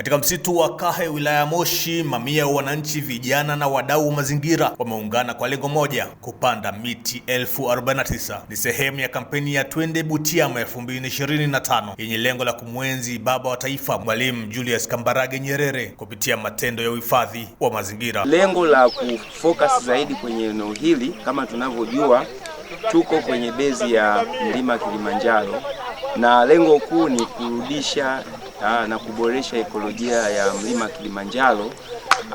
Katika msitu wa Kahe wilaya Moshi, mamia ya wananchi, vijana na wadau wa mazingira wameungana kwa lengo moja, kupanda miti elfu 49. Ni sehemu ya kampeni ya Twende Butiama 2025 yenye lengo la kumwenzi baba wa taifa Mwalimu Julius Kambarage Nyerere kupitia matendo ya uhifadhi wa mazingira. Lengo la kufocus zaidi kwenye eneo hili, kama tunavyojua tuko kwenye bezi ya mlima Kilimanjaro, na lengo kuu ni kurudisha Ah, na kuboresha ekolojia ya mlima Kilimanjaro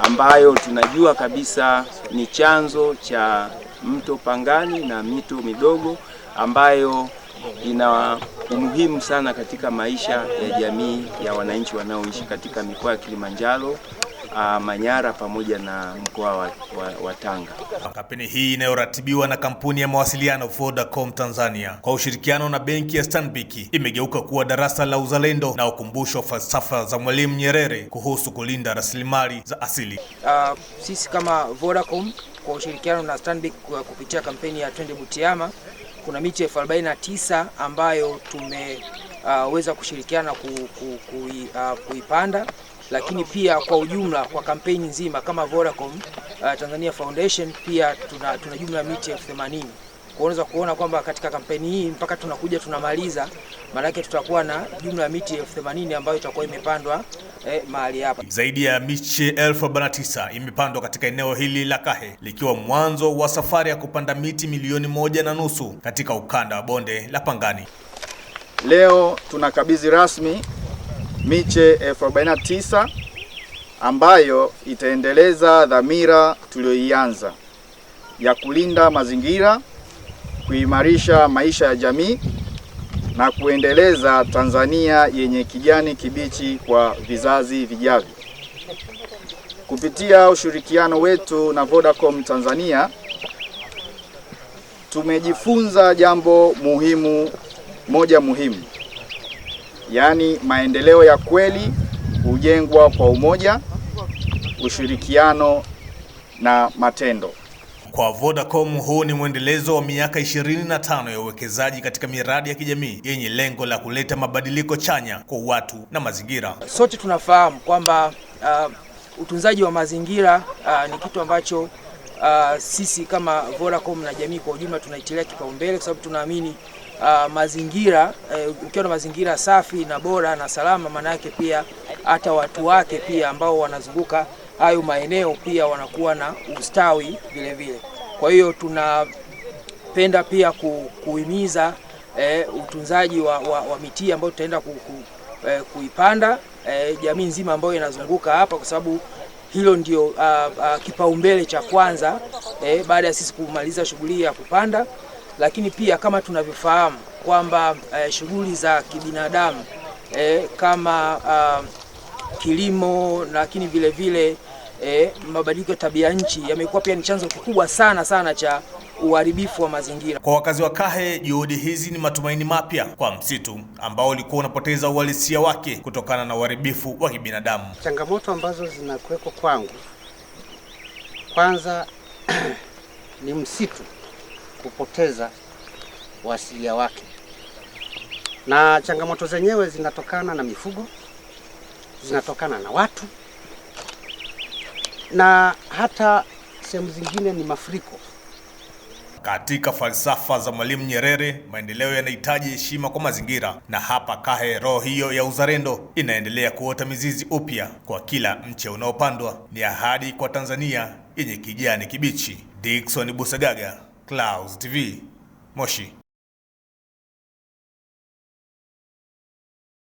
ambayo tunajua kabisa ni chanzo cha mto Pangani na mito midogo ambayo ina umuhimu sana katika maisha ya jamii ya wananchi wanaoishi katika mikoa ya Kilimanjaro uh, Manyara pamoja na mkoa wa, wa, wa Tanga. Kampeni hii inayoratibiwa na kampuni ya mawasiliano Vodacom Tanzania kwa ushirikiano na benki ya Stanbic imegeuka kuwa darasa la uzalendo na ukumbusho falsafa za Mwalimu Nyerere kuhusu kulinda rasilimali za asili. Uh, sisi kama Vodacom kwa ushirikiano na Stanbic kwa kupitia kampeni ya Twende Butiama kuna miti elfu arobaini na tisa ambayo tumeweza uh, kushirikiana ku, ku, ku, uh, kuipanda lakini pia kwa ujumla kwa kampeni nzima kama Vodacom uh, Tanzania Foundation pia tuna, tuna jumla miti elfu themanini unaweza kuona kwamba katika kampeni hii mpaka tunakuja tunamaliza, maanake tutakuwa na jumla ya miti elfu themanini ambayo itakuwa imepandwa eh, mahali hapa. Zaidi ya miche elfu arobaini na tisa imepandwa katika eneo hili la Kahe, likiwa mwanzo wa safari ya kupanda miti milioni moja na nusu katika ukanda wa bonde la Pangani. Leo tunakabidhi rasmi miche elfu ambayo itaendeleza dhamira tuliyoianza ya kulinda mazingira, kuimarisha maisha ya jamii na kuendeleza Tanzania yenye kijani kibichi kwa vizazi vijavyo. Kupitia ushirikiano wetu na Vodacom Tanzania tumejifunza jambo muhimu moja muhimu Yaani, maendeleo ya kweli hujengwa kwa umoja, ushirikiano na matendo. Kwa Vodacom huu ni mwendelezo wa miaka 25 ya uwekezaji katika miradi ya kijamii yenye lengo la kuleta mabadiliko chanya kwa watu na mazingira. Sote tunafahamu kwamba uh, utunzaji wa mazingira uh, ni kitu ambacho uh, sisi kama Vodacom na jamii kwa ujumla tunaitilia kipaumbele kwa sababu tunaamini uh, mazingira uh, ukiwa na mazingira safi na bora na salama, maana yake pia hata watu wake pia ambao wanazunguka hayo maeneo pia wanakuwa na ustawi vile vile. Kwa hiyo tunapenda pia ku, kuhimiza eh, utunzaji wa, wa, wa miti ambayo tutaenda ku, ku, eh, kuipanda eh, jamii nzima ambayo inazunguka hapa kwa sababu hilo ndio uh, uh, kipaumbele cha kwanza eh, baada ya sisi kumaliza shughuli ya kupanda. Lakini pia kama tunavyofahamu kwamba uh, shughuli za kibinadamu eh, kama uh, kilimo lakini vile vile eh, mabadiliko ya tabia nchi yamekuwa pia ni chanzo kikubwa sana sana cha uharibifu wa mazingira. Kwa wakazi wa Kahe, juhudi hizi ni matumaini mapya kwa msitu ambao ulikuwa unapoteza uhalisia wake kutokana na uharibifu wa kibinadamu. Changamoto ambazo zinakuwepo kwangu, kwanza ni msitu kupoteza uasilia wake, na changamoto zenyewe zinatokana na mifugo, zinatokana na watu na hata sehemu zingine ni mafuriko. Katika falsafa za Mwalimu Nyerere, maendeleo yanahitaji heshima kwa mazingira, na hapa Kahe roho hiyo ya uzalendo inaendelea kuota mizizi upya kwa kila mche unaopandwa. Ni ahadi kwa Tanzania yenye kijani kibichi. Dickson Busagaga, Clouds TV, Moshi.